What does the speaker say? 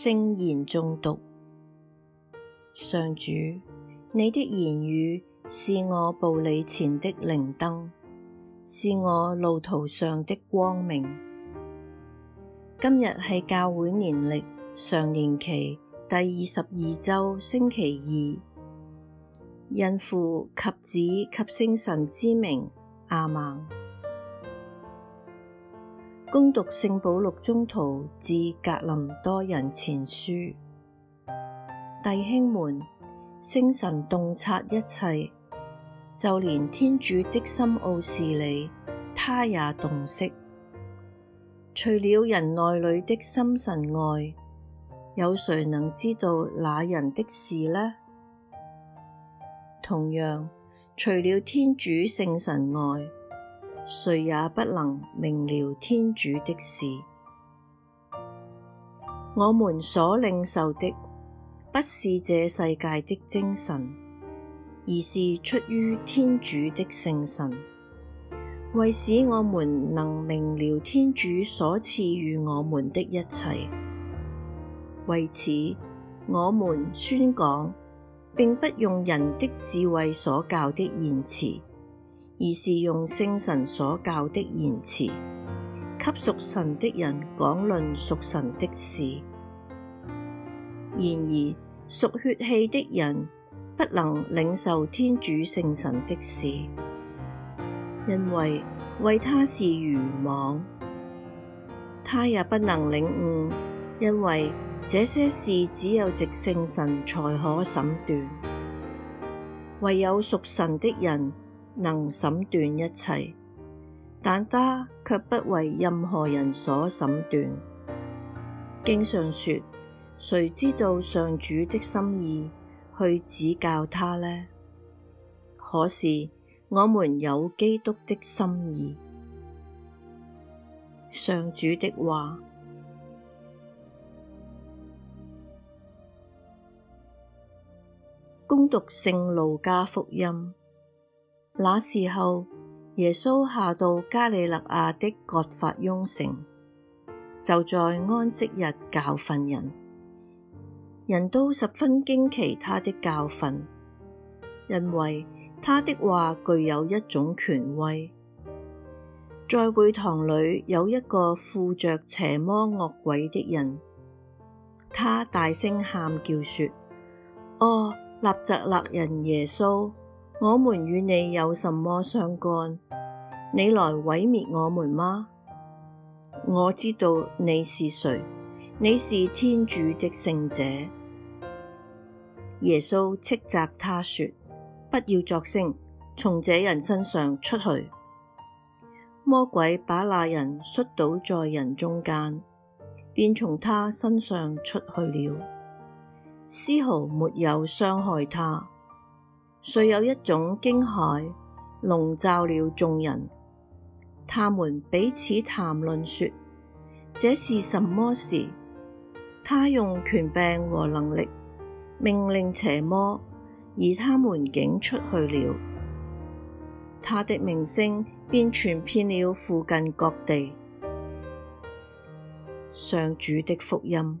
聖言誦讀：「上主，你的言語是我步履前的靈燈，是我路途上的光明。今日係教會年曆常年期第二十二周星期二，因父及子及聖神之名阿孟。」恭讀聖保祿宗徒致格林多人前書，弟兄們，聖神洞察一切，就連天主的深奧事理，他也洞悉。除了人內裏的心神外，有誰能知道那人的事呢？同樣，除了天主聖神外。誰也不能明了天主的事。我們所領受的，不是這世界的精神，而是出於天主的聖神，為使我們能明了天主所賜予我們的一切。為此，我們宣講，並不用人的智慧所教的言詞。而是用聖神所教的言詞，給屬神的人講論屬神的事。然而屬血氣的人，不能領受天主聖神的事，因為為他是愚妄。他也不能領悟，因為這些事只有藉聖神才可審斷。唯有屬神的人。能審斷一切，但他卻不為任何人所審斷。經上說，誰知道上主的心意，去指教他呢？可是我們有基督的心意。上主的話。恭讀聖路加福音。那時候，耶穌下到加里肋亞的葛法翁城，就在安息日教訓人，人都十分驚奇他的教訓，因為他的話具有一種權威。在會堂裏有一個附着邪魔惡鬼的人，他大聲喊叫說：「哦，納匝肋人耶穌！我們與你有什麼相干？你來毀滅我們嗎？我知道你是誰，你是天主的聖者。耶穌叱責他說：不要作聲，從這人身上出去。魔鬼把那人摔倒在人中間，便從他身上出去了，絲毫沒有傷害他。遂有一種驚駭籠罩了眾人，他們彼此談論說：這是什麼事？他用權柄和能力命令邪魔，而他們竟出去了。他的名聲便傳遍了附近各地。上主的福音。